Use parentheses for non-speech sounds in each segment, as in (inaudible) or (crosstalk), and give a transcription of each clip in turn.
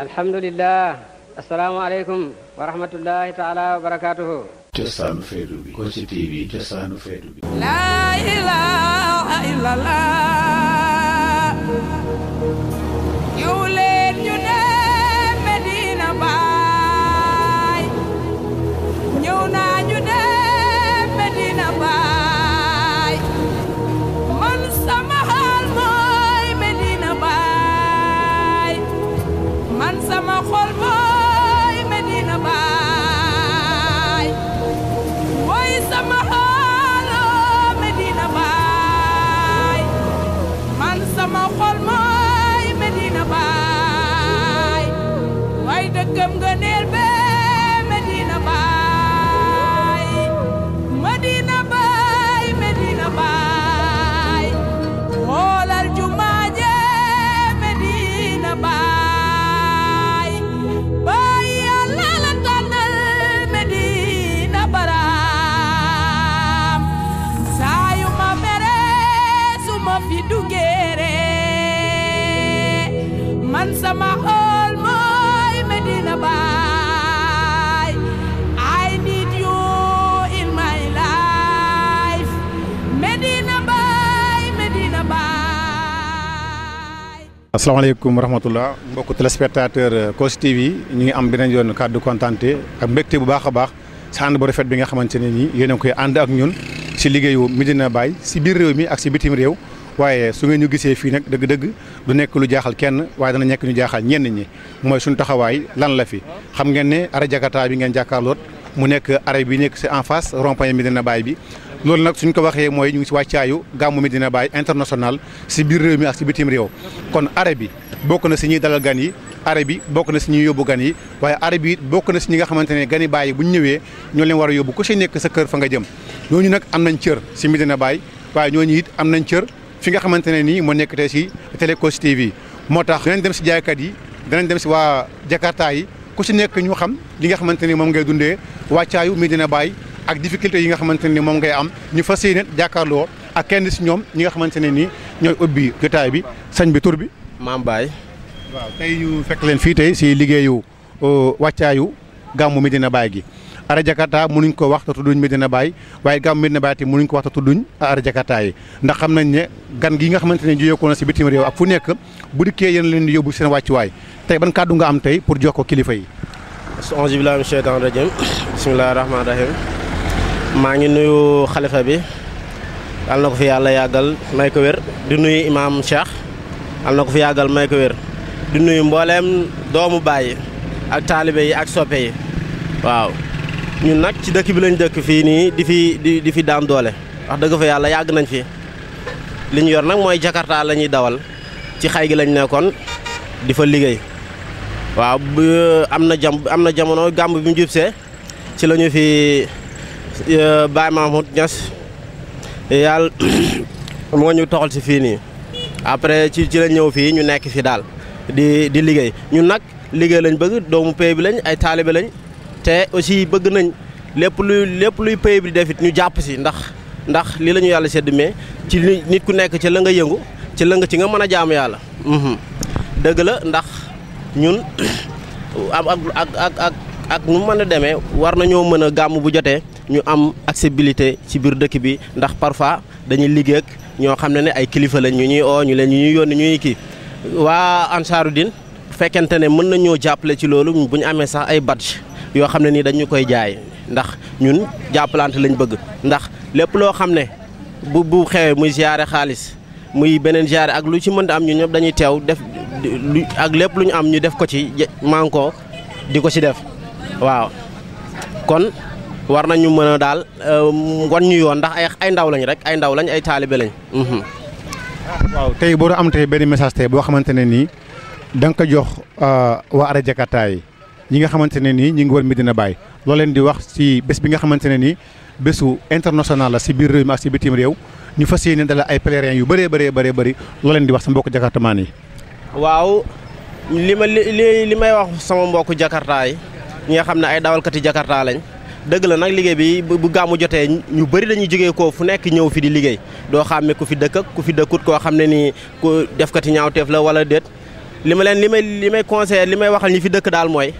alhamdulilah asalaamaaleykum wa rahmatullahi taala wa barakaatuhu cosaanu feetu bi Kossy TV cosaanu feetu bi laa ilaaha illallah asalaamaaleykum wa rahmatullah mbokk téléspectateur euh, Kossy TV ñu ngi am beneen yoon kàddu kontante ak mbégte bu baax a baax si ànd bu rafet bi nga xamante ne nii yéen a koy ànd ak ñun si liggéeyu Medina baay si biir réew mi ak si bitim réew waaye su ngeen ñu gisee fii nag dëgg-dëgg du nekk lu jaaxal kenn waaye dana nekk ñu jaaxal ñenn ñi mooy suñ taxawaay lan la fi xam ngeen ne ara Jakarta bi ngeen jàkkaarloot mu nekk arrêt bi nekk si en face rond-point Medina Baye bi loolu nag suñ ko waxee mooy ñu ngi si wàccaayu gàmmu dina Baye international si biir réew mi ak si bitim réew kon arab bi bokk na si ñuy dalal gan yi arab bi bokk na si ñuy yóbbu gan yi waaye arab yi bokk na si ñi nga xamante ne gani Baye bu ñu ñëwee ñoo leen war a yóbbu ku si nekk sa kër fa nga jëm ñooñu nag am nañ cër si Medina Baye waaye ñooñu it am nañ cër fi nga xamante ne nii moo nekk tey si Télé Kossy TV moo tax danañ dem si jaaykat yi danañ dem si waa Jakarta ku si nekk ñu xam li nga xamante ne moom ngay dundee wàccaayu Medina Baye ak difficulté yi nga xamanteni ne ni moom ngay am ñu fasiyene jakarlo ak kenn ci ñom ñi nga xamanteni ni ñoy ubbi jotaay bi sañ bi tour bi. mam bay waaw tay ñu fekk leen fi tay ci liggéeyu euh, waccayu gamu Medina bay gi. Ara Jakarta mënuñ ko wax tuduñ Medina bay waye gamu Medina Baye te mënuñ ko wax tuduñ Ara Jakarta yi ndax xam nañ ne gan gi nga xamanteni ju jóge ko na si bitim rew ak fu nekk bu dikke yeen leen di yobbu seen waccu way tay ban kaddu nga am tay pour jox ko kilifa yi. auzu billaahi mina sheytaani rajiim bismillaahi rahmaani rahiim maa ngi nuyu xalifa bi al na ko fi yàlla yàggal may ko wér di nuyu imaam Cheikh al na ko fi yàggal may ko wér di nuyu mbooleem doomu bàyyi ak taalibe yi ak soppe yi waaw ñun nag ci dëkk bi lañ dëkk fii nii di fi di di fi daan doole wax dëgg fa yàlla yàgg nañ fi li ñu yor nag mooy Jakarta lañuy dawal ci xay gi lañ nekkoon di fa liggéey waaw am na jam am na jamono gàmb bi mu jubsee ci lañu fi Euh, Baye Mahmoud Niass yàlla (clears throat) moo ñu toxal si fii nii après ci ci la ñëw fii ñu nekk fi daal di di liggéey ñun nag liggéey lañ bëgg doomu pays bi lañ ay taalibe lañ te aussi bëgg nañ lépp luy lépp luy pays bi def it ñu jàpp si ndax ndax lii lañu yàlla sedd mais ci nit ku nekk ci la nga yëngu ci la ci nga mën a jaamu yàlla. Mhm. dëgg la ndax ñun (clears throat) am ak ak ak nu mën a demee war nañoo mën a gàmm bu jotee. ñu am accessibilité ci biir dëkk bi ndax parfa dañuy liggéey ak ñoo xam ne ne ay kilifa lañ ñu ñuy oo ñu leen ñu ñuy yónni ñuy kii waa Ansaarud-Din fekkente ne mën nañoo jàppale ci loolu bu ñu amee sax ay badge yoo xam ne nii dañu koy jaay ndax ñun jàppalante lañ bëgg ndax lépp loo xam ne bu bu xewee muy ziare xaalis muy beneen ziare ak lu ci mën am ñu ñëpp dañuy teew def ak lépp lu ñu am ñu def ko ci manko di ko ci def waaw kon warna ñu mëna dal euh wan ñu yoon ndax ay ay ndaw lañ rek ay ndaw lañ ay talibé lañ. Mhm. Ah, waaw bo do am tay benn message tay bo xamantene ni dang da ko jox euh, wa Ara Jakarta yi ñi nga xamantene ni ñi ñu ngi war Medina bay lo leen di wax si bës bi nga xamantene ni bësu international la ci biir réew ma ci si bitim réew ñu fassiyene dala ay pèlerin yu bëree bëree bëree bëri lo leen di wax sa jakarta man yi. waaw lima wax sama mbokk jakarta yi ñi nga xamne ay dawal kat jakarta lañ. dëgg la nag liggéey bi bu gàmmu jotee ñu bari dañuy jógee koo fu nekk ñëw fi di liggéey doo xàmme ku fi dëkk ak ku fi dëkkut koo xam ne nii ku defkati ñaawteef la wala déet li ma leen li may li may conseillé li may waxal ñi fi dëkk daal mooy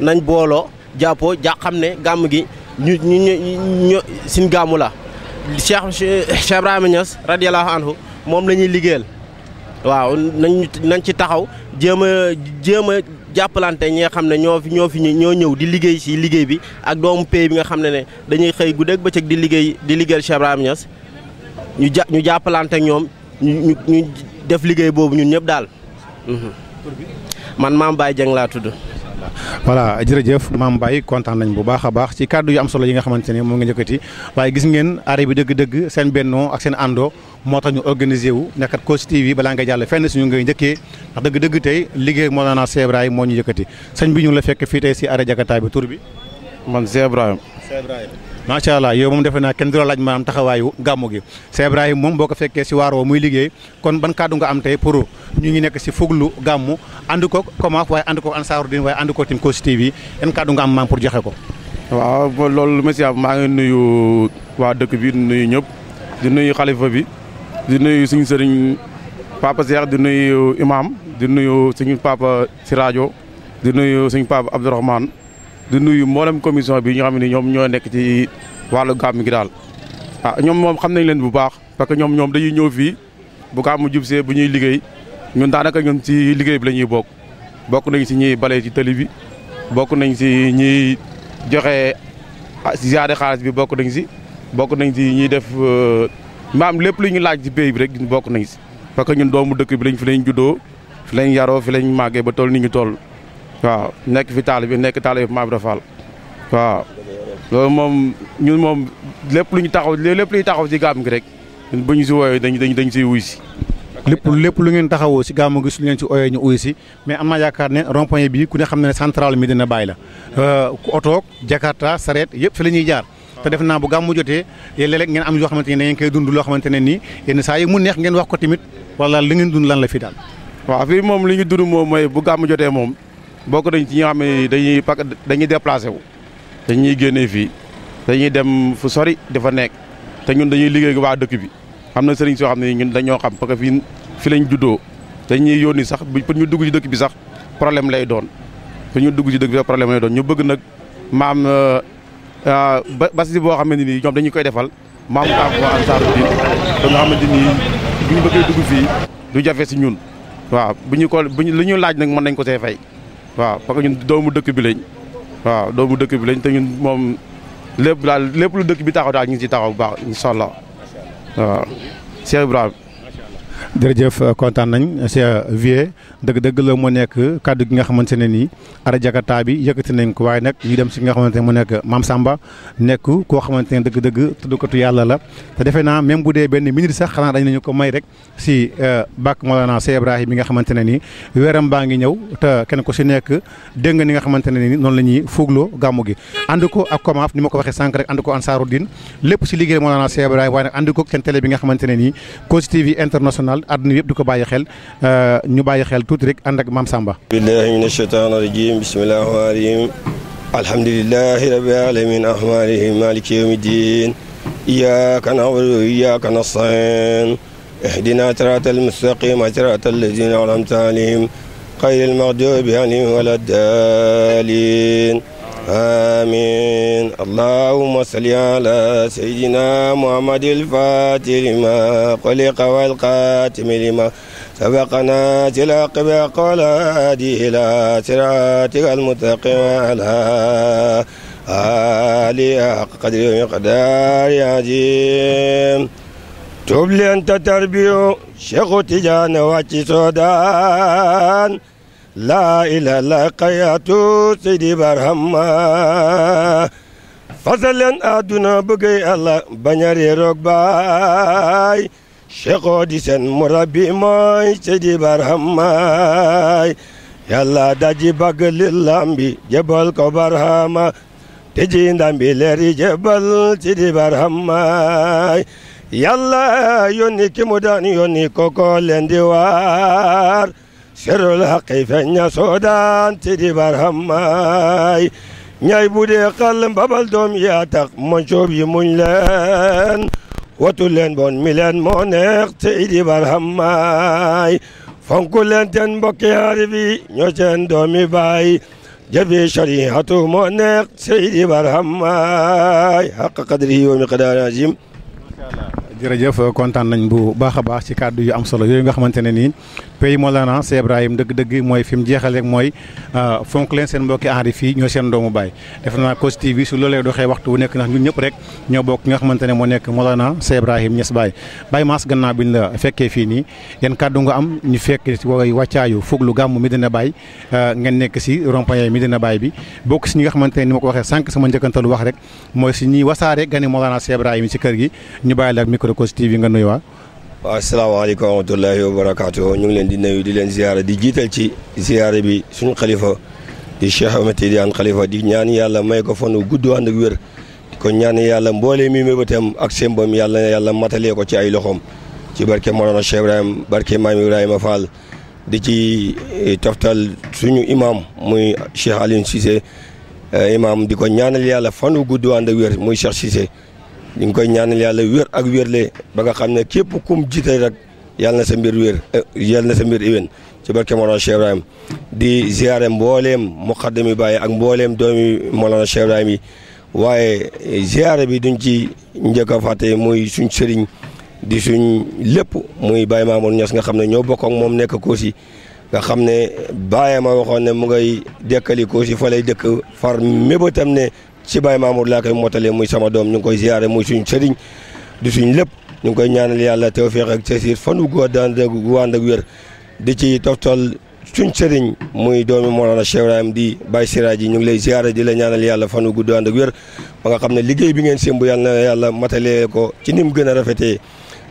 nañ booloo jàppoo ja xam ne gàmm gi ñu ñu ñu suñ gàmmu la. Cheikh Cheikh Ibrahima Niass radiyallahu anhu moom la ñuy liggéeyal waaw nañ nañ ci taxaw jéem a jéem a jàppalante ñi nga xam ne ñoo fi ñoo fi ñoo ñëw di liggéey si liggéey bi ak doomu pays bi nga xam ne ne dañuy xëy guddeeg bëccëg di liggéey di liggéeyal Cheikh Ibrahima ñu ja ñu jàppalante ñoom ñu ñu def liggéey boobu ñun ñëpp daal. Mhm. man maam Baye Dieng laa tudd. allah voilà jërëjëf maam Baye kontaan nañ bu baax a baax ci kàddu yi am solo yi nga xamante ne moom nga njëkkati waaye gis ngeen arrêt bi dëgg-dëgg seen bennoo ak seen àndoo moo tax ñu organisé wu ko Kossy TV bala nga jàll fenn suñu ngay njëkkee ndax dëgg-dëgg tey liggéey moo naanaa Cheikh Ibrahima moo ñu yëkkati sëñ bi ñu la fekk fii tey si arrêt Jakarta bi tur bi man Cheikh Ibrahima macha allah yow moom defe naa kenn du la laaj maanaam taxawaayu gàmmu gi Cheikh moom boo ko fekkee si waaroo muy liggéey kon ban kàddu nga ñu ngi nekk si fuglu gàmmu ànd ko comment waaye ànd ko Ansaarud-Din waaye ànd ko tim Kossy TV yan kàddu nga am maam pour joxe ko. waaw loolu monsieur maa ngi nuyu waa dëkk bi di nuyu ñëpp di nuyu xalifa bi di nuyu suñu sëriñ papa Cheikh di nuyu imam di nuyu suñu si Sirajo di nuyu suñu papa Abdourahmane di nuyu mboolem commission bi ñoo xam ne ñoom ñoo nekk ci wàllu gàmm gi daal. ah ñoom moom xam nañ leen bu baax parce que ñoom ñoom dañuy ñëw fii bu gàmmu jub see bu ñuy liggéey. ñun daanaka ñun ci liggéey bi lañuy ñuy bokk bokk nañ si ñiy bale ci tali bi bokk nañ si ñiy joxe ziare xaalis bi bokk nañ si bokk nañ si ñiy def euh, maam lépp lu ñu laaj si pays bi rek bokk nañ si parce que ñun doomu dëkk bi lañ fi lañ juddoo fi lañ yaroo fi lañ màggee ba toll ni ñu toll waaw nekk fi taal bi nekk taal bi Maam Ibra Fall waaw moom ñun moom lépp luñu ñu taxaw lépp lu taxaw si gàmm gi rek bu ñu si woowee dañ dañ dañ siy wuy si lepp lepp lu ngeen taxawoo si gamu gi su ngeen ci ooyee ñu uyu si mais amma yakkar yaakaar ne rond point bi ku ne xam ne central mi dina bayila euh auto jakarta saret yëpp fi lañuy jaar ah. té def naa bu gamu jotee ye léeg ngeen am yo xamanteni ngeen kay dund lo xamanteni ne nii sa yi mu neex ngeen wax ko timit wala li ngeen dund lan la fi dal wa fi mom li ñu dund mom moy bu gamu jotee mom boko dañ ci ñi xamé dañuy pak dañuy déplacer wu dañuy gënné fi dañuy dem fu sori dafa nek té ñun dañuy liggéey ak waa dëkk bi am na sëriñ soo xam ne ñun dañoo xam parce que fii fi lañ juddoo dañuy yónni sax pour ñu dugg ci dëkk bi sax problème lay doon pour ñu dugg ci dëkk bi sax problème lay doon ñu bëgg nag maam euh, euh, bas si boo xamante ni ñoom dañu koy defal maam am ko Ansaarud Din ba nga xamante ni bu ñu bëggee dugg fii du jafe si ñun waaw bu ñu ko bu ñu li ñu laaj nag mën nañ ko see fay waaw parce que ñun doomu dëkk bi lañ waaw doomu dëkk bi lañ te ñun moom lépp daal lépp lu dëkk bi taxaw daal ngi ci taxaw bu baax incha allah Uh, see jërëjëf euh, kontaan nañ si vie dëgg-dëgg la moo nekk kàddu gi nga xamante ne nii ara jakarta bi yëkkati nañ ko waaye nag ñu dem si nga xamante ne mu nekk Samba nekk koo xamante ne dëgg-dëgg tuddukatu yàlla la te defe naa même bu dee benn minute sax xanaa dañ nañu ko may rek si euh, bak Mawlana Sey Ibrahim bi nga xamante ne nii weeram baa ngi ñëw te kenn ko si nekk dégg nga ni nga xamante ne nii noonu la ñuy gi ànd ko ak komaaf ni ma ko waxee sànq rek ànd ko Ansaarud lépp si liggéey Ibrahim waaye nag ànd ko seen télé bi nga xamante ne nii TV international international àdduna yëpp di ko bàyyi xel ñu bàyyi xel tuuti rek ànd ak maam Samba. billahi min ashaitan rajim bismillahi rahmani rahim alhamdulillahi rabbil alamin arrahmanirrahim maliki yawmiddin iyyaka na'budu wa iyyaka nasta'in اهدنا صراط المستقيم صراط الذين أنعمت عليهم غير المغضوب عليهم ولا الضالين آمين اللهم صل على سيدنا محمد الفاتح لما قلق والقاتم لما سبقنا سلاق قولا هادي إلى صراطك المتقم على آلي حق قدر ومقدار عظيم تبلي أنت تربيو شيخ تجان واتي سودان لا إله إلا قياتو سيدي برهما فصلن أدنى بقي الله بنياري روك باي شيخو دي سن مربي ماي سيدي برهما يلا داجي بقل اللامبي جبل كبرهما تجي دامبي لري جبل سيدي برهما يلا يوني كمدان يوني كوكو لندوار سر الحق فن سودان تدي برهماي ناي بودي قلم ببل دوم يا تق منشوب يمون وتلين بون ميلان مونيخ تيدي برهماي فنكو لين تن بوكي عربي نوشن دومي باي جبي شري هاتو مونيخ تيدي برهماي حق قدره ومقدار عظيم jërëjëf kontaan nañ bu baax a baax ci kàddu yu am solo yooyu nga xamante ne nii pays Mawlana c' Ibrahim dëgg-dëgg mooy fi mu jeexal rek mooy euh, fonk leen seen mbokki aari fii ñoo seen doomu baay def naa TV su loolee doxee waxtu wu nekk ndax ñun ñëpp rek ñoo bokk nga xamante ne moo nekk Mawlana c' Ibrahim ñes Baye Baye Mass gannaaw biñ la fekkee fii nii yan kàddu nga am ñu fekk ci woy wàccaayu fuglu gàmm Medina Baye euh, ngeen nekk si rond-point yi Medina Baye bi bokk si ñi nga xamante ne ni ma ko waxee sànq sama njëkkantalu wax rek mooy si ñi wasaare gani Mawlana c Ibrahim ci kër gi ñu bàyyi la micro micro Kossy TV nga nuyu waa waaw asalaamaaleykum wa rahmatullahi wa barakaatu ñu ngi leen di nuyu di leen ziyaara di jiital ci ziyaara bi suñu xalifa di Cheikh Ahmed di ñaan yàlla may ko fanu gudd ànd kon ñaan yàlla mboolee mi ak sembam yàlla yàlla matalee ko ci ay loxoom ci barke Mawlana Cheikh Ibrahim barke Maam Ibrahima Fall di ci eh, toftal suñu imam muy Cheikh Alioune Cissé eh, imam ko ñaanal yàlla fanu gudd ànd ak wér muy Cheikh Cissé ñu ngi koy ñaanal yàlla wér ak wérle ba nga xam ne képp kum jiite rek yàlla na sa mbir wér eh, yàlla sa mbir iwén ci barke Mawlana Cheikh Ibrahim di ziare mbooleem muqaddami Baye ak mbooleem doomi Mawlana Cheikh Ibrahim waaye ziare bi duñ ci njëkk a fàtte muy suñ sëriñ di suñ lépp muy Baye Mamour Niass nga xam ne ñoo bokk ak moom nekk Kossy nga xam ne Baye ma waxoon ne mu ngay dekkali Kossy fa lay dëkk far mébétam ne ci Baye Mamour laa koy motalee muy sama doom ñu ngi koy ziare muy suñ sëriñ di suñ lépp ñu ngi koy ñaanal yàlla tawfeex ak tasiir fan wu góor daan dëgg gu ak wér di ci toftal suñ sëriñ muy doomi Mawlana Cheikh Ibrahim di Baye Siraaji ñu ngi lay ziare di la ñaanal yàlla fan gudd ànd ak wér ba nga xam ne liggéey bi ngeen sémb yàlla na yàlla ko ci ni mu gën rafetee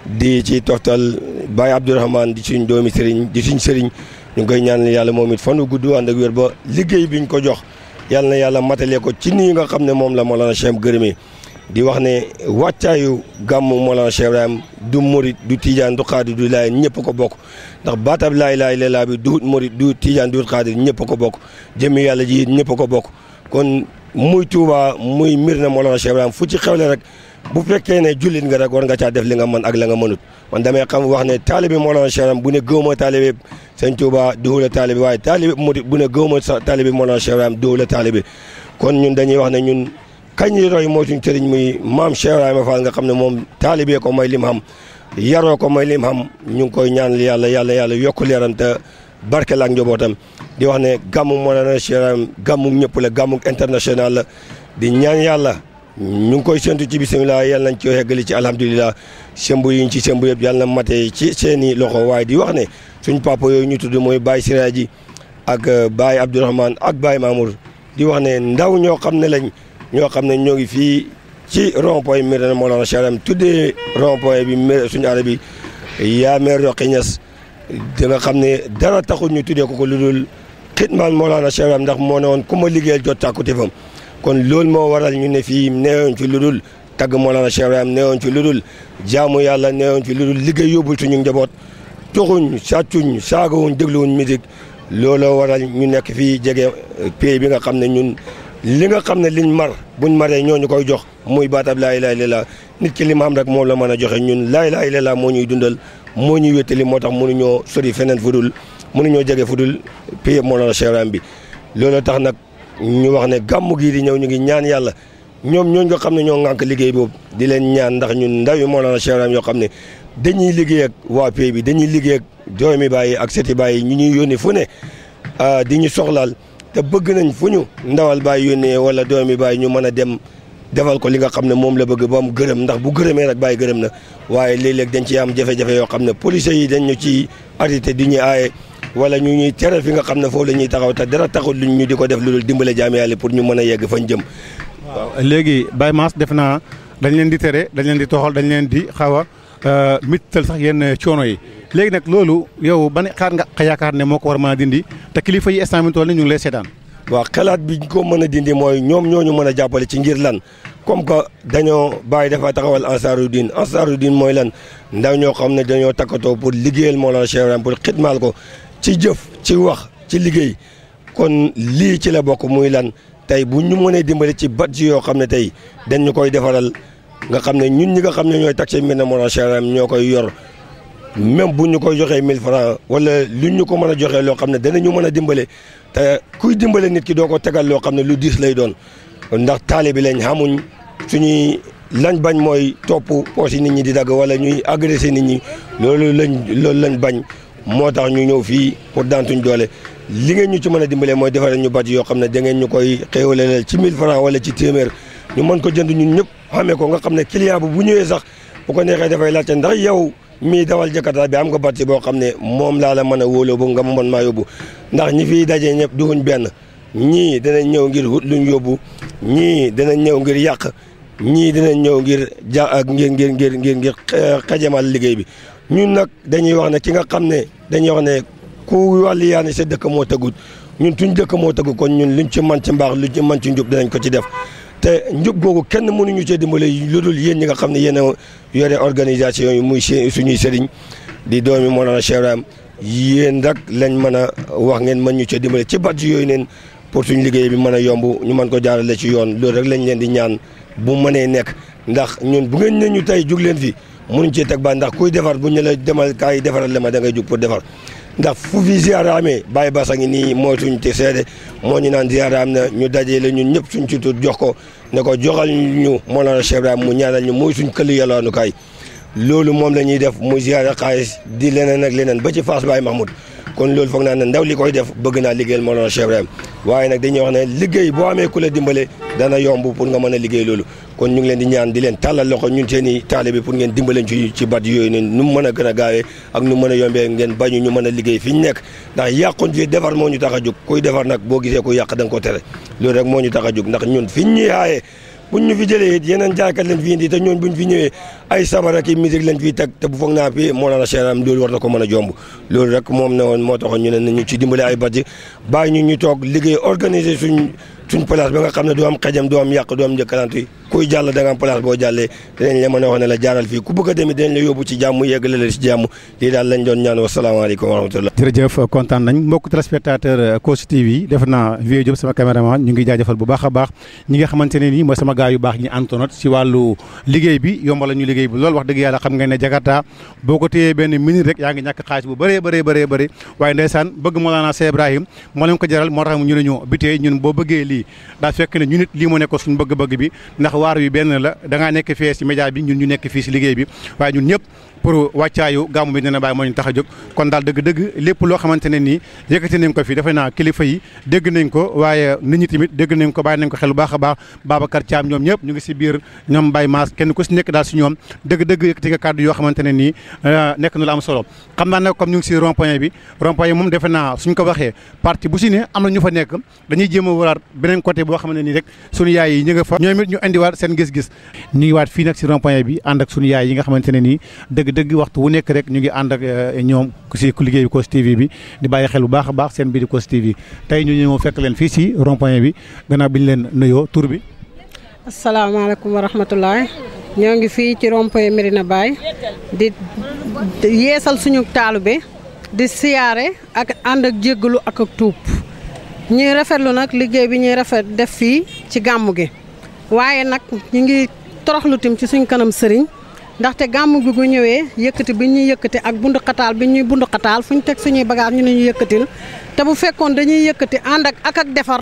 di ci toftal Baye Abdourahmane di suñ doomi sëriñ di suñ sëriñ ñu ngi koy ñaanal yàlla moom it fan wu gudd ànd ak ba liggéey biñ ko jox yàlla na yàlla matale ko ci nii nga xam ne moom la Mawlana Cheikh gërëmee di wax ne wàccaayu gàmmu Mawlana Cheikh Ibrahim du murit du tijaan du xaadir du laay ñëpp ko bokk ndax baatab laay laay lelaa bi duut murit du tijaan duut xaadir ñëpp ko bokk jëmmi yàlla ji ñëpp ko bokk kon muy Tuuba muy mbir na Mawlana Cheikh Ibrahim fu ci xewle rek bu fekkee ne jullit nga rek war nga caa def li nga man ak la nga mënut man damay xam wax ne taalibi Mawlana Cheikh Ibrahim bu ne gëwma taalibi Sëñ Tuuba duxul a taalibi waaye taalibi murit bu ne gëwma taalibi Mawlana Cheikh Ibrahim duxul a taalibi kon ñun dañuy wax ne ñun kañ yi roy moo suñ muy maam Cheikh Ibrahima Fall nga xam ne moom taalibee ko mooy lim xam yaroo ko mooy lim xam ñu ngi koy ñaanal yàlla yàlla yàlla yokku leeram te barkeel ak njabootam di wax ne gàmmu Mawlana Cheikh Ibrahim gàmmu ñëpp la gàmmu international la di ñaan yàlla ñu ngi koy séntu ci bisimilah yàlla nañ ci yeggali ci alhamdulilah sembu yi ñu ci sembu yëpp yàlla na matee ci seeni loxo waaye di wax ne suñ papa yooyu ñu tudd mooy Baye ji ak euh, Baye Abdourahmane ak baay Mamour di wax ne ndaw ñoo xam ne lañ ñoo xam ne ñoo ngi fii ci rond point bi Médina Mawlana Cheikh Ibrahim tuddee rond point bi suñu àll bi yaa xam ne dara taxul ñu tuddee ku ko lu dul xitmaan Mawlana Cheikh Ibrahim ndax moo ne woon ku ma liggéeyal jot tàkkutéefam kon lool moo waral ñu ne fii neewoon ci lu dul tagg Mawlana Cheikh Ibrahim neewoon ci lu dul jaamu yàlla neewoon ci lu dul liggéey yóbbul suñu njaboot tuxuñ sàccuñ saagawuñ dégluwuñ musique loolo waral ñu nekk fii jege pays bi nga xam ne ñun li nga xam ne liñ mar buñ maree ñu koy jox muy baatab laa ilaaha illallaah nit ki li mu am rek moom la mën a joxe ñun laa ilaaha illallaah moo ñuy dundal moo ñuy wéttali moo tax mënuñoo sori feneen fu dul ñoo jege fu dul pays Mawlana Cheikh Ibrahim bi looloo tax nag ñu wax ne gàmmu gii di ñëw ñu ngi ñaan yàlla ñoom ñooñ nga xam ne ñoo ŋànk liggéey boobu di leen ñaan ndax ñun ndaw yi Mawlana Cheikh yoo xam ne dañuy liggéey ak waa pays bi dañuy liggéey ak mi baay ak seti baay ñu ñuy yónnee fu ne ah, di ñu soxlaal te bëgg nañ fu ñu ndawal baay yónnee wala doomi baay ñu mën a dem defal ko li nga xam ne moom la bëgg ba mu gërëm ndax bu gërëmee rek baay gërëm na waaye léeg-léeg dañ ci am jafe-jafe yoo xam ne police yi dañ ñu ci arrêté du ñu wala ñu ñuy tere fi nga xam ne foofu la ñuy taxaw te dara taxul ñu di ko def lu dul dimbale jaami yàlla pour ñu mën a yegg fañ jëm. waaw léegi Baye Mass def naa dañ leen di tere dañ leen di tooxal dañ leen di xaw a euh, mittal sax yenn coono yi léegi nag loolu yow ba ne xaar nga yaakaar ne moo ko war a dindi te kilifa yi instant bi ni ñu ngi lay seetaan. waaw xalaat bi ñu ko mën a dindi mooy ñoom ñoo ñu mën a jàppale ci ngir lan comme que dañoo bàyyi dafa taxawal Ansaarud-Din Ansaarud-Din mooy lan ndaw ñoo xam ne dañoo takkatoo pour liggéeyal Mawlana Cheikh Ibrahim pour xidmaal ko ci jëf ci wax ci liggéey kon lii ci la bokk muy lan tey bu ñu mënee dimbali ci badge yoo xam ne tey dañ ñu koy defaral nga xam ne ñun ñi nga xam ne ñooy taxe Médina Monarch CRM ñoo koy yor même bu ñu koy joxee 1000 francs wala lu ñu ko mën a joxe loo xam ne danañu mën a dimbale te kuy dimbale nit ki doo ko tegal loo xam ne lu diis lay doon ndax taali bi lañ xamuñ suñuy lañ bañ mooy topp poche nit ñi di dagg wala ñuy agressé nit ñi loolu lañ loolu lañ bañ moo tax ñu ñëw fii pour daantuñ doole li ngeen ñu ci mën a dimbalee mooy defaral ñu bàcc yoo xam ne da ngeen ñu koy xéewaleel ci 1000 francs wala ci téeméer ñu mën ko jënd ñu ñëpp xamee ko nga xam ne client bu bu ñëwee sax bu ko neexee dafay laajte ndax yow mii dawal jakarta bi am nga bàcc boo xam ne moom laa la mën a wóoloo ba nga mën maa yóbbu ndax ñi fiy dajee ñëpp duhuñ benn ñii danañ ñëw ngir wut luñ yóbbu ñii danañ ñëw ngir yàq ñii dinañ ñëw ngir ja ngir ngir ngir ngir ngir xajamal liggéey bi ñun nag dañuy wax ne ki nga xam ne dañuy wax ne ku wàlli yaani sa dëkk moo tëggut ñun tuñ dëkk moo tëgg kon ñun luñ ci man ci mbaax luñ ci man ci njub danañ ko ci def te njub googu kenn mënuñu cee dimbale lu dul yéen ñi nga xam ne yene a yore organisation yi muy suñuy sëriñ di doomi Mawlana Cheikh Ibrahim yéen rek lañ mën a wax ngeen mën ñu cee dimbale ci bat yooyu neen pour suñu liggéey bi mën a yomb ñu man ko jaarale ci yoon loolu rek lañ leen di ñaan bu mënee nekk ndax ñun bu ngeen ne ñu tey jug leen fi mënuñ cee teg baat ndax kuy defar bu ñu la demal kaay defaral la ma da ngay jóg pour defar ndax fu fi ziara amee bàyyi basa ngi nii mooy suñ te seede moo ñu naan ziara na ñu dajee la ñun ñëpp suñ ci tur jox ko ne ko joxal ñu Mawlana Cheikh Ibrahima mu ñaanal ñu mooy suñ këll yàllaanu kaay loolu moom la ñuy def mu ziara xaalis di leneen ak leneen ba ci Fass Baye Mahmoud kon loolu foog naa ne ndaw li koy def bëgg naa liggéeyal Mawlana Cheikh Ibrahima waaye nag dañuy wax ne liggéey boo amee ku la dimbale dana yomb pour nga mën a liggéey kon ñu ngi leen di ñaan di leen tàllal loxo ñun seen i taalibe pour ngeen dimbaleen ci ci bat yooy noonu nu mu mën a gën a gaawee ak nu mën a yombee ngeen bañu ñu mën a liggéey fi ñu nekk ndax yàquñ fi defar moo ñu tax a jóg kuy defar nag boo gisee ko yàq da nga ko tere loolu rek moo ñu tax a jóg ndax fi ñu haayee buñ ñu fi jëlee it yeneen jaaykat lañ fi indi te ñooñ buñ fi ñëwee ay sabara ki musique lañ fiy teg te bu foog naa fi moo naan seeraam loolu war na ko mën a jomb loolu rek moom ne woon moo taxoon ñu ne nañu ci dimbale ay bat yi ñu ñu toog liggéey organiser suñ suñ place ba nga xam ne doo am xajam doo am yàq doo am njëkkalante kuy jàll da nga boo jàllee dinañ la mën a la jaaral fii ku bëgg a demee la yóbbu ci jàmm yeggale la ci jàmm mbokk téléspectateur euh, Kossy TV def naa Vieux Diop sama caméraman ñu ngi jaajëfal bu baax a baax ñi nga xamante ne nii mooy sama gaay yu baax ñi antonot si wàllu liggéey bi yombal ñu liggéey bi loolu wax dëgg yàlla xam nga ne Jakarta boo ko téyee benn minute rek yaa ngi ñàkk xaalis bu bëree lii daa fekk ne ñu nit lii ne nekkoon suñu bëgg-bëgg bi ndax waar wi benn la da nekk fee si média bi ñun ñu nekk fii si liggéey bi waaye ñun ñëpp pour wàccaayu gàmmu bi dina bàyyi moo ñu tax a jóg kon daal dëgg-dëgg lépp loo xamante nii yëkkati nañ ko fii defe naa kilifa yi dégg nañ ko waaye nit ñi tamit dégg nañ ko bàyyi nañ ko xel bu baax a ñoom ñëpp ñu ngi si biir ñoom Baye Mass kenn ku si nekk daal si ñoom dëgg-dëgg yëkkati nga kàddu yoo xamante nii euh, nekk na la am solo xam naa nag comme ñu ngi si rond bi rond point moom defe naa suñ ko waxee parti bu si ne am na ñu fa a deug waxtu wu nek rek ñu ngi and ak eh, ku ci ku liggéey ko TV bi di baye xel bu baax baax seen bi di ko TV tay ñu ñëw fekk leen fi ci rond point bi gëna bi leen nuyo tour bi. alaykum wa rahmatulah ñoo ngi fi ci rond point Medina Bay di yeesal suñu taalube di siaré ak and ak jéggulu ak ak tuub ñi rafetlu nak liggéey bi ñi rafet def fi ci gamu gi waye nak ñi ngi toroxlu tim ci suñu kanam serigne ndaxte gàmm gi gu ñëwee yëkkati bi ñuy yëkkati ak bundu xataal bi ñuy bundu xataal fu ñu teg suñuy bagage ñu ne ñu yëkkatil te bu fekkoon dañuy yëkkati ànd ak ak ak defar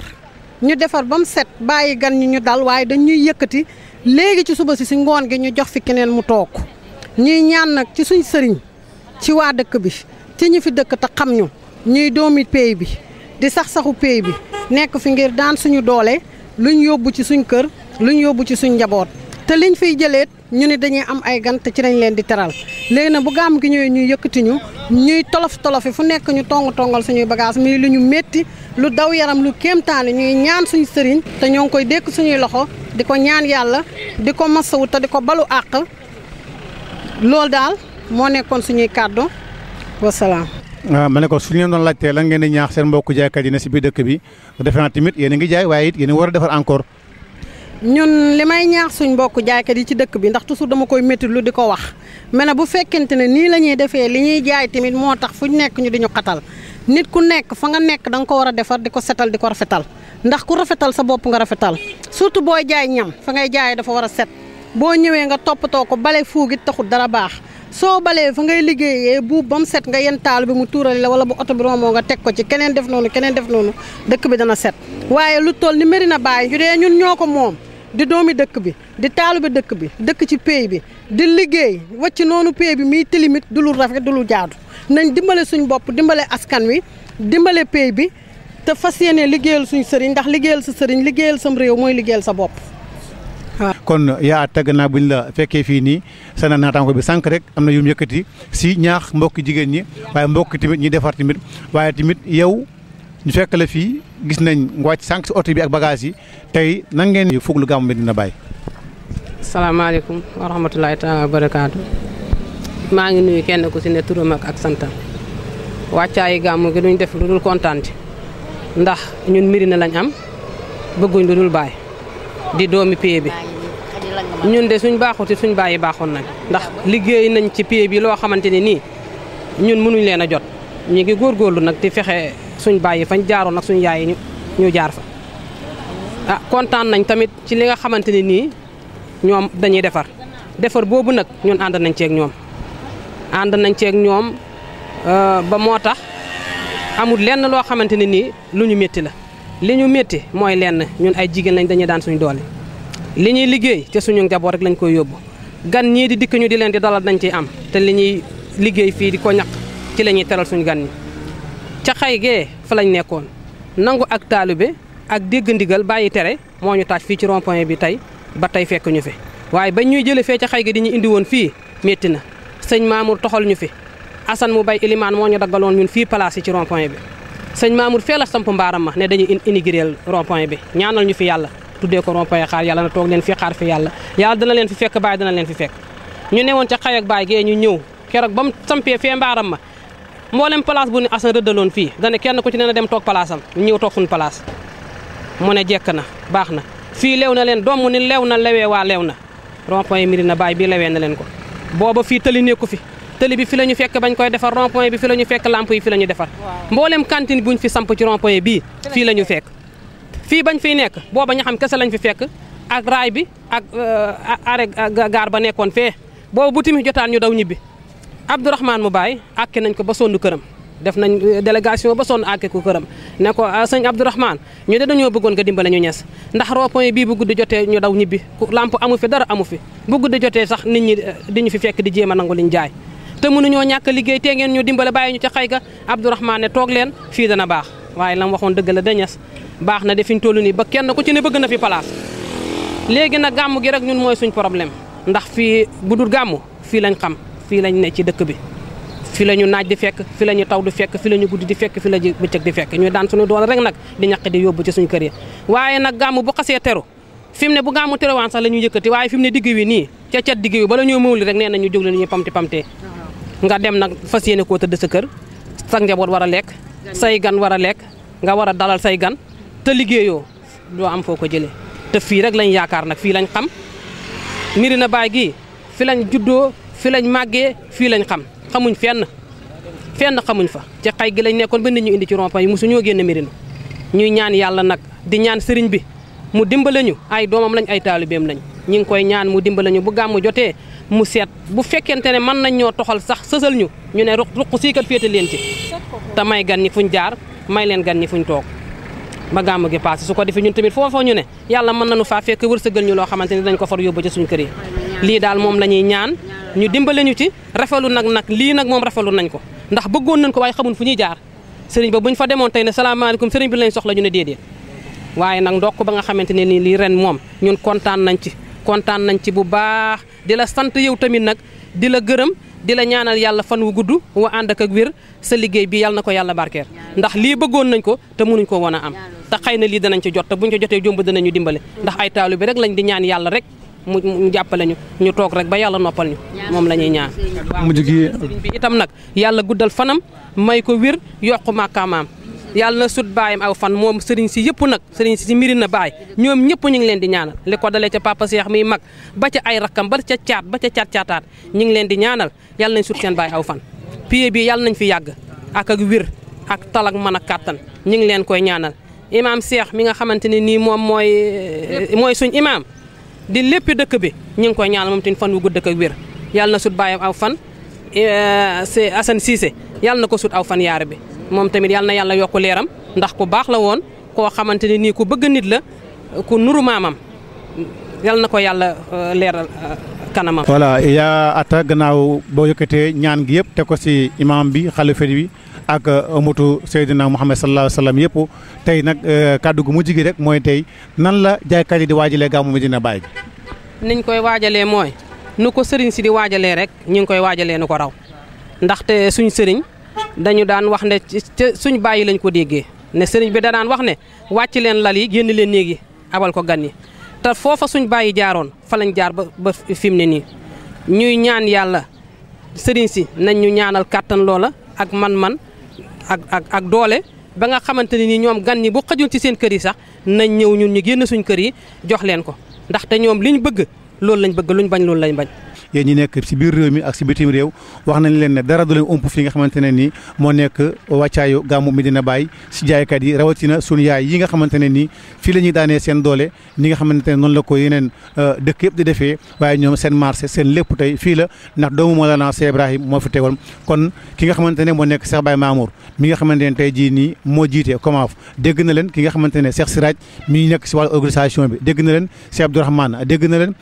ñu defar ba mu set bàyyi gan ñi ñu dal waaye dañuy yëkkati léegi ci suba si si ngoon gi ñu jox fi keneen mu toog ñuy ñaan nag ci suñ sëriñ ci waa dëkk bi ci ñu fi dëkk te xam ñu ñuy doomi pay bi di sax saxu pay bi nekk fi ngir daan suñu doole luñu yóbbu ci suñ kër luñu yóbbu ci suñ njaboot liñ fiy jëleet ñu ne dañuy am ay gan te ci lañ leen di teral léegi nag bu gàmm gi ñëwee ñuy yëkkati ñu ñuy tolof tolofi fu nekk ñu tong tongal suñuy bagage muy lu ñu métti lu daw yaram lu kéemtaane ñuy ñaan suñu sëriñ te ñoo ngi koy dékk suñuy loxo di ko ñaan yàlla di ko masawu te di ko balu àq loolu daal moo nekkoon suñuy kàddu wasalaam ah, ma ne ko suñu leen doon laajtee lan ngeen di ñaax seen mbokk jaaykat yi ne si biir dëkk bi defe naa tamit yéen a ngi jaay waaye it yéen a war a defar encore ñun li may ñaax suñ mbokk jaaykat yi ci dëkk bi ndax toujours dama koy métti lu di ko wax mais bu fekkente ne nii la ñuy defee li ñuy jaay tamit moo tax fuñ nekk ñu di ñu xatal nit ku nekk fa nga nekk da nga ko war a defar di ko setal di ko rafetal ndax ku rafetal sa bopp nga rafetal surtout booy jaay ñam fa ngay jaay dafa war a set boo ñëwee nga toppatoo ko bale fuugit taxul dara baax soo balee fa ngay liggéeyee buub ba mu set nga yen taal bi mu tuurali la wala bu oto bi romboo nga teg ko ci keneen def noonu keneen def noonu dëkk bi dana set waaye lu toll ni Médina Baye ñu dee ñun ñoo ko moom di doomi dëkk bi di taalibe dëkk bi dëkk ci pay bi di liggéey wacc noonu pay bi muy tilimit du lu rafet du lu jaadu nañ dimbale suñ bopp dimbale askan wi dimbale pay bi te fas yéene liggéeyal suñu sëriñ ndax liggéeyal sa sëriñ liggéeyal sam réew mooy liggéeyal sa bopp waaw. kon yaa tagg naa buñ la fekkee fii nii sa na naataango bi sànq rek am na yu mu yëkkati si ñaax mbokki jigéen ñi waaye mbokki tamit ñi defar tamit waaye tamit yow. ñu fekk fii gis nañ nga wàcc sànq si oto bi ak bagage yi tey nan ngeen fuglu gàmmu Medina Baye salaamaaleykum wa rahmatulahi taala wa barakaatu maa ngi nuyu kenn ku si ne turam ak ak santam wàccaayi gàmmu gi duñ def lu dul kontaan ci ndax ñun Medina lañ am bëgguñ lu dul baay di doomi pie bi ñun de suñ baaxuti suñ bàyyi baaxoon nañ ndax liggéey nañ ci pie bi loo xamante ni nii ñun mënuñ leen a jot ñu ngi góor góorlu nag di fexe suñ bayi, fañ jaaroon nag suñ yaay ñu ñu jaar fa ah kontaan nañ tamit ci li nga xamante ne nii dañuy defar defar boobu nag ñun ànd nañ ceeg ñoom ànd nañ ceeg ñoom euh, ba moo tax amul lenn loo xamante ne nii lu ñu métti la li ñu métti mooy lenn ñun ay jigéen lañ dañuy daan suñ doole li liggéey suñu rek lañ koy gan ñii di dikk ñu di leen di dalal dañ ciy am te li liggéey di ko ñaq ci la teral suñu gan ñi ca xay gee fa lañ nekkoon nangu ak taalibe ak dégg ndigal bàyyi tere moo ñu taaj fii ci rond bi tey ba tey fekk ñu fi waaye bañ ñuy jëlee fee ca xay di ñu indi woon fii métti na sëñ Mamour toxal ñu fi Assane mu bay Ilimaan moo ñu daggaloon ñun fii place ci rond-point bi sëñ Mamour fee la samp mbaaram ma ne dañu inaugurer rond-point bi ñaanal ñu fi yàlla tuddee ko rond-point xaar yàlla na toog leen fi xaar fi yàlla yàlla dana leen fi fekk bàyyi dana leen fi fekk ñu newoon ca xay ak bàyyi gee ñu ñëw keroog ba mu sampee fee mboolem place bu ne Assane rëddaloon fii dane kenn ku ci nee na dem toog place am ñëw toog suñu place mu ne jekk na baax na fii lew na leen doom mu ni lew na lewee waa lew na rond-point Médina baay bi lewee na leen ko booba fii tëli nekku fi tëli bi fi la ñu fekk bañ koy defar rond-point bi fi la ñu fekk lamp yi fi la ñu defar mboolem cantine buñ fi samp ci rond-point bii fii la ñu fekk fii bañ fiy nekk booba ña xam kese lañ fi fekk ak raay bi ak euh, are gaar ba nekkoon fee boobu timi jotaan ñu daw ñibbi Abdourahmane mu baay àkke nañ ko ba sonn këram def nañ euh, délégation ba sonn àkke ko këram ne ko euh, sëñ Abdourahmane ñu de dañoo bëggoon ga dimbale ñu ñes ndax rond-point bii bu guddi jotee ñu daw ñibbi lamp amu fi dara amu fi bu guddi jotee sax nit ñi euh, diñu fi fekk di jéem a nangu liñ jaay te mënuñoo ñàkk liggéey te ngeen ñu dimbale bàyyi ñu ca xay ga Abdourahmane ne toog leen fii dana baax waaye lam waxoon dëgg la da ñes baax na de fi ñu toll nii ba kenn ku ci ne bëgg na fi place léegi nag gàmm gi rek ñun mooy suñ problème ndax fii bu dul gàmm fii lañ xam fi lañ ne ci dëkk bi fi lañu naaj di fekk fi lañu taw di fekk fi lañu gudd di fekk fi lañu bëcëk di fekk ñu daan suñu doon rek nag di ñaq di yóbbu ci suñu kër ya waaye nag gàmm bu xasee teru fi mu ne bu gàmmu terewaan sax la ñu yëkkati waaye fi mu ne digg wi nii ca cat digg wi bala ñoo mawli rek nee na ñu jóg leen ñu pamti pamtee nga dem nag fas yéene koo tëdd sa kër sa njaboot war a lekk say gan war a lekk nga war a dalal say gan te liggéeyoo doo am foo ko jëlee te fii rek lañ yaakaar nag fii lañ xam miri na baay gii fi lañ juddoo fi lañ màggee fii lañ xam xamuñ fenn fenn xamuñ fa ci xay gi lañ nekkoon ba ñu indi ci rond-point yi mosu ñoo génn mirin ñuy ñaan yàlla nag di ñaan sëriñ bi mu dimbale ñu ay doomam lañ ay taalibeem lañ ñi ngi koy ñaan mu dimbale ñu bu gàmm jotee mu seet bu fekkente ne mën nañ ñoo toxal sax sësal ñu ne ruq ruq sii kat féete leen ci te may gan ñi fuñ jaar may leen gan ñi fuñ toog ba gàmm gi passé su ko defee ñun tamit foofa ñu ne yàlla mën nañu faa fekk wërsëgal ñu loo xamante ni dañ ko far yóbbu ci suñ kër yi lii daal moom la ñuy ñaan ñu dimbale ñu ci rafetlu nag nag lii nag moom rafetlu nañ ko ndax bëggoon nañ ko waaye xamuñ fu ñuy jaar sëriñ ba buñ fa demoon tey ne salaamaaleykum sëriñ bi lañ soxla ñu ne déedéet waaye nag ko ba nga xamante ne nii lii ren moom ñun kontaan nañ ci kontaan nañ ci bu baax di la sant yow tamit nag di la gërëm di la ñaanal yàlla fan wu gudd wa ànd ak ak wér sa liggéey bi yàlla na ko yàlla barkeer ndax lii bëggoon nañ ko te mënuñ ko woon a am te xëy na lii danañ ci jot te buñ ko jotee jomb danañu dimbale ndax ay taalu bi rek lañ di ñaan yàlla rek mu mu ñu ñu toog rek ba yàlla noppal ñu moom la ñuy ñaan mujj gi bi itam nag yàlla guddal fanam may ko wér yokku màkkaamaam yàlla na sut baayam aw fan moom sëriñ si yëpp nag sëriñ si si mbiri na baay ñoom ñëpp ñu ngi leen di ñaanal li ko dalee ca papa Cheikh miy mag ba ca ay rakkam ba ca caat ba ca caat caataat ñu ngi leen di ñaanal yàlla nañ sut seen baay aw fan pied bi yàlla nañ fi yàgg ak ak wir ak tal man a kàttan ñu ngi leen koy ñaanal imaam Cheikh mi nga xamante ne nii moom mooy mooy suñ imaam di lépp dëkk bi ñu ngi koy ñaanal moom tamit fan wu gudd ak wér yàlla na sut bàyyam aw fan c'est eh, Assane Cissé yàlla na ko sut aw fan yaar bi moom tamit yàlla na yàlla yokk leeram ndax ku baax la woon koo xamante ne nii ku bëgg nit la ku nuru maamam yàlla na ko yàlla eh, leeral eh, kanamam. voilà yaa ata gannaaw boo yëkkatee ñaan gi yëpp te ko si imam bi xalifa bi. ak euh, motu Seydina Muhammad sallallahu alayhi wa sallam yëpp tey nag euh, kàddu gu mujj gi rek mooy tey nan la jaaykat yi di waajalee gàmmu Medina Baye gi. niñ koy waajalee mooy nu ko sëriñ si di waajalee rek ñu ngi koy waajalee nu ko raw ndaxte suñ sëriñ dañu daan wax ne suñ bàyyi lañ ko déggee ne sëriñ bi da daan wax ne wàcc leen lal yi génn leen néeg yi abal ko gan yi te foofa suñ bàyyi jaaroon fa lañ jaar ba ba fi mu ne nii ñuy ñaan yàlla sëriñ si nañ ñu ñaanal kàttan loola ak man-man ak ak ak doole ba nga xamante ne ni ñoom gan ñi bu xajoon ci seen kër yi sax nañ ñëw ñun ñu génn suñu kër yi jox leen ko ndaxte ñoom li ñu bëgg loolu lañ bëgg luñ bañ loolu lañ bañ yéen ñi nekk si biir réew mi ak si bitim réew wax nañ leen ne dara du leen ëmp fii nga xamante ne nii moo nekk wàccaayu gàmmu Medina Baye si jaaykat yi rawatina sunu yaay yi nga xamante ne nii fii la ñuy daanee seen doole ñi nga xamante ne noonu la ko yeneen euh, dëkk yëpp di defee waaye ñoom seen marché seen lépp tey fii la ndax doomu Mawlana Cheikh Ibrahim moo fi teewoon kon ki nga xamante ne moo nekk Cheikh baay Mamour mi nga xamante ne tey jii nii moo jiite COMAF dégg na leen ki nga xamante ne Cheikh Siraj mi nekk si wàllu organisation bi dégg na leen Cheikh Abdourahmane dégg na leen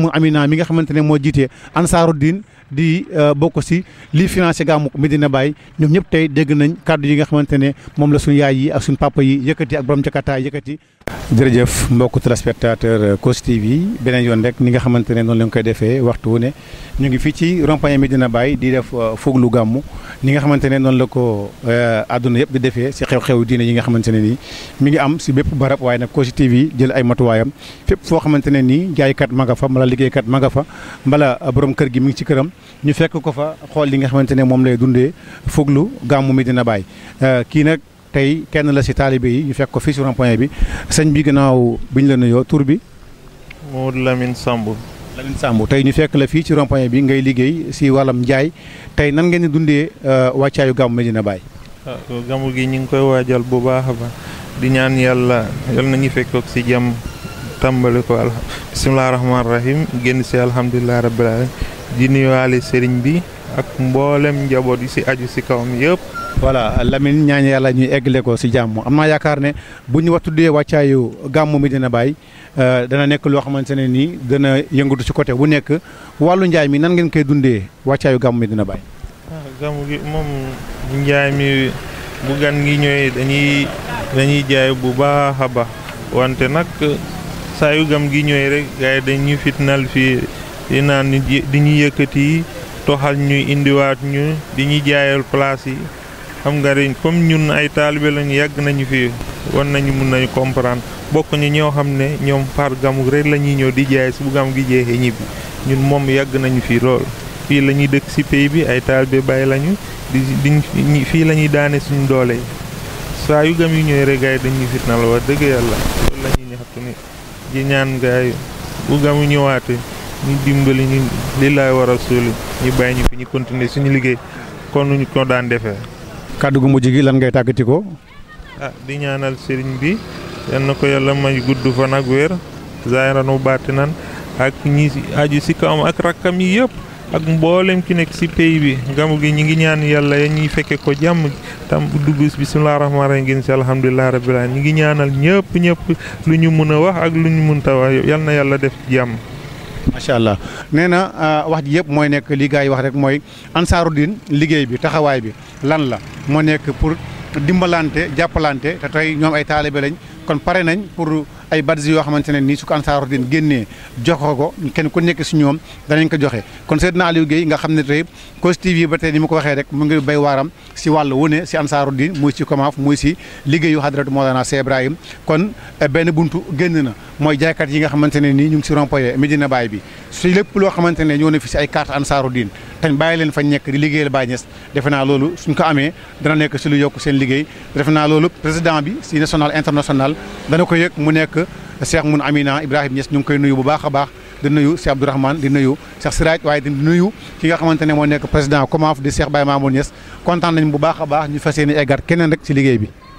mo Amina mi nga xamante ne moo jiite ansaaru diin di euh, bokk si lii financé gàmmu dina Baye ñoom ñëpp tey dégg nañ kàddu yi nga xamante ne moom la suñu yaay yi ak suñu papa yi yëkkati ak borom jakartaay yëkkati. jërëjëf mbokk téléspectateur Kossy yi beneen yoon rek ni nga xamante ne noonu la koy defee waxtu wu ne ñu ngi fii ci rond-point Medina Baye di def euh, fooglu gàmmu ni nga xamante ne noonu la ko euh, àdduna yëpp di defee si xew-xew diine yi nga xamante ne nii mi ngi am si bépp barab waaye nag Kossy yi jël ay matuwaayam fépp foo xamante ne nii jaaykat maga fa mbala liggéeykat ma fa mbala borom kër gi mi ngi ci këram ñu fekk ko fa xool li nga xamante ne moom lay dundee Foglu gàmmu Medina Baye euh, kii nag tey kenn la si taalibe yi ñu fekk ko fii si rond bi sëñ bi gannaaw bi ñu la nuyoo tur bi. Modou Lamine Samb. Lamine tey ñu fekk la fii ci rond-point ngay liggéey si wàllam njaay tey nan ngeen di dundee euh, wàccaayu gàmmu Medina Baye. waaw ah, gàmmu gi ñu ngi koy waajal bu baax a baax di ñaan yàlla yal nañu fekk ko si jam tàmbali ko alhamdulilah bisimilah rahmaani rahim génn si alhamdulilah rabbil alamin di nuyuwaale sëriñ bi ak mboolem njaboot yi si aju si kawam yëpp. voilà Lamine ñaan yàlla ñuy eggale ko si jàmm am naa yaakaar ne bu ñu waxtu dee wàccaayu gàmmu Medina Baye euh, dana nekk loo xamante ne nii dana yëngatu si côté bu nekk wàllu njaay mi nan ngeen koy dundee wàccaayu gàmmu Medina dina ah gàmmu gi moom njaay mi bu gan ngi ñëwee dañuy dañuy jaay bu baax a baax wante nag saa yu gam gi ñëwee rek gars yi dañuy fitnal fii. di naan di ñu yëkkati toxal ñuy indiwaat ñu di ñu jaayal place yi xam nga dañ comme ñun ay taalibe lañu yàgg nañu fi war nañu mun nañu comprendre bokk ñu ñoo xam ne ñoom par gamu rek la ñuy ñëw di jaay su bu gi jeexee ñibbi ñun moom yàgg nañu fi lool. fii la ñuy dëkk ci pays bi ay taalibe bàyyi lañu di fii la ñuy daane suñu doole yi saa yu gam yu ñëwee rek gars yi dañuy fitnal wax dëgg yàlla loolu la ñuy ñaxtu ni di ñaan gars yi bu gamu ñëwaatee. ni dimbali ni lillahi wa rasul ñu bàyyi ñu fi ni continuer suñu liggéey kon ñu ko daan defee kaddu gu mujj gi lan ngay tàggatiko ah di ñaanal serigne bi yal ko yalla may guddu fa nak wër zaahiran wu baatinan ak ñi aji ci kaam ak rakam yi yëpp ak mboolem ki nek ci pays bi gamu gi ñi ngi ñaan yalla ya ñuy fekke ko jamm tam dugg bismillah rahman rahim ngeen si alhamdulilah rabbil alamin ñi ngi ñaanal ñepp ñepp lu ñu wax ak lu ñu mën wax yalla na def jamm macha allah nee na ah, wax ji yëpp mooy nekk li gars wax rek bi bi lan la moo nekk pour dimbalante japalante te tey ñoom ay taalibe lañ kon pare nañ pour. ay badge yoo xamante ne nii su ko Ansaarud-Din génnee jox ko kenn ku nekk si ñoom danañ ko joxe kon Seydina Aliou Guèye nga xam ne tey Kossy ba tey ni ma ko waxee rek mu ngi béy waaram si wàll wu ne si Ansaarud-Din muy si Komaaf muy si liggéeyu Hadratu Mawlana Cheikh Ibrahim kon eh, benn buntu génn na mooy jaaykat yi nga xamante ne nii ñu ngi si rond-point Medina Baye bi si lépp loo xamante ne ñoo ne fi si ay carte Ansaarud-Din tañ bàyyi leen fa ñekk di liggéeyal Baye Niass defe naa loolu suñ ko amee dana nekk si lu yokk seen liggéey defe naa loolu président bi si national international dana ko yëg mu nekk que Cheikh Moun Amina Ibrahima Niass ñu ngi koy nuyu bu baax a baax di nuyu Cheikh Abdourahmane di nuyu Cheikh Siraaj waaye di nuyu ki nga xamante ne moo nekk président COMAF di Cheikh Baye Mamoun Niass kontaan nañ bu baax a baax ñu fas yéene eggaat keneen rek ci liggéey bi